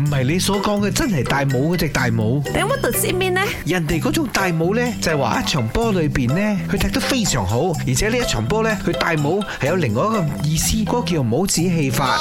唔係你所講嘅，真係大帽嗰隻大帽。你有乜睇先邊咧？人哋嗰種大帽咧，就係話一場波裏邊咧，佢踢得非常好，而且呢一場波咧，佢大帽係有另外一個意思，嗰個叫帽子戲法。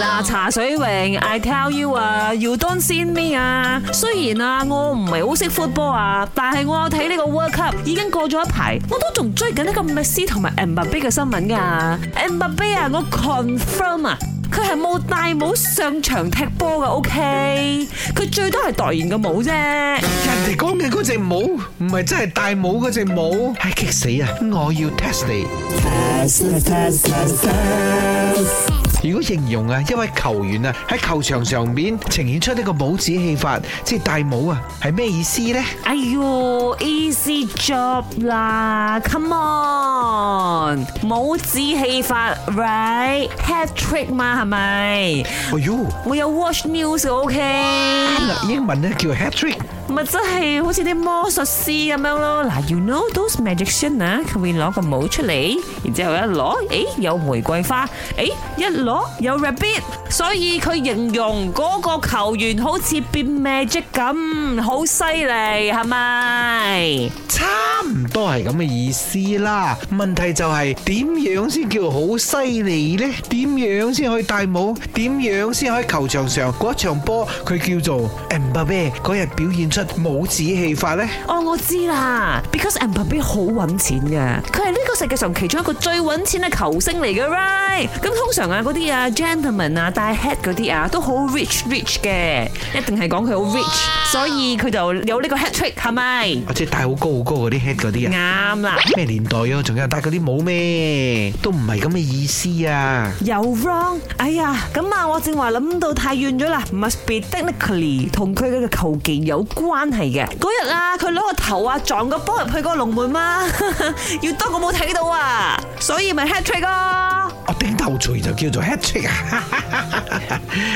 嗱，茶水榮，I tell you 啊，You don't see me 啊。雖然啊，我唔係好識 football 啊，但係我有睇呢個 World Cup 已經過咗一排，我都仲追緊呢個 Messi 同埋 Mbappe 嘅新聞㗎。Mbappe 啊，我 confirm 啊。佢係冇帶帽上場踢波嘅。OK 佢最多係代言個帽啫。人哋講嘅嗰隻帽，唔係真係帶帽嗰隻帽。係激、哎、死啊！我要 test 你。如果形容啊一位球員啊喺球場上面呈現出呢個帽子戲法，即係戴帽啊，係咩意思咧？哎呦，easy job 啦，come on，帽子戲法，right，hat trick 嘛係咪？哎呦，我有 watch news，ok？英文呢叫 hat trick。咪真係好似啲魔術師咁樣咯，嗱，you know those magician 啊，佢會攞個帽出嚟，然之後一攞，誒，有玫瑰花，誒，一攞有 rabbit，所以佢形容個球員好似變 magic 咁，好犀利，係咪？差唔多係咁嘅意思啦。問題就係、是、點樣先叫好犀利咧？點樣先可以戴帽？點樣先可以球場上嗰場波佢叫做 m b v 日表現？帽子戲法咧？哦，我知啦，because Mbappe 好揾錢嘅，佢係呢個世界上其中一個最揾錢嘅球星嚟嘅，right？咁通常啊，嗰啲啊 gentlemen 啊，戴 head 嗰啲啊，都好 rich rich 嘅，一定係講佢好 rich，< 哇 S 1> 所以佢就有呢個 head trick，係咪？即係戴很高很高好高好高嗰啲 head 嗰啲啊？啱啦，咩年代啊？仲有戴嗰啲帽咩？都唔係咁嘅意思啊！又 wrong？哎呀，咁啊，我正話諗到太遠咗啦，must be technically 同佢嘅球技有關。關係嘅嗰日啊，佢攞個頭啊撞個波入去個龍門啊，要 當我冇睇到啊，所以咪 hat trick 咯。我頂頭錘就叫做 hat trick 啊。Tr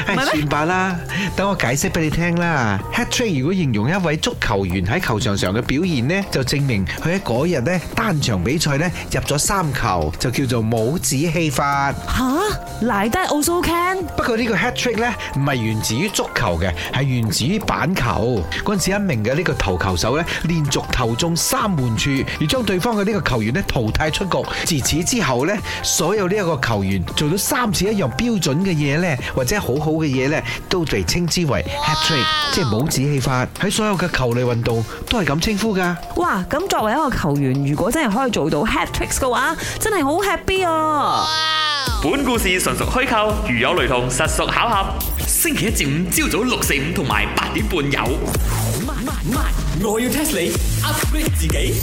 係 算吧了啦，等我解釋俾你聽啦。Hat-trick 如果形容一位足球員喺球場上嘅表現呢，就證明佢喺嗰日咧單場比賽咧入咗三球，就叫做帽子戲法。吓，嚟得 Oso Can？不過呢個 Hat-trick 呢，唔係源自於足球嘅，係源自於板球嗰陣時一名嘅呢個投球手咧連續投中三門柱，而將對方嘅呢個球員咧淘汰出局。自此之後呢，所有呢一個球員做到三次一樣標準嘅嘢呢。或者好好嘅嘢咧，都被稱之為 hat trick，Wow. 即係帽子戲法。喺所有嘅球類運動都係咁稱呼噶。哇！咁作為一個球員，如果真係可以做到 hat tricks 嘅話，真係好 happy 啊！Wow. 本故事純屬虛構，如有雷同，實屬巧合。星期一至五朝早六四五同埋八點半有。Oh, my, my, my. 我要 test 你，upgrade 自己。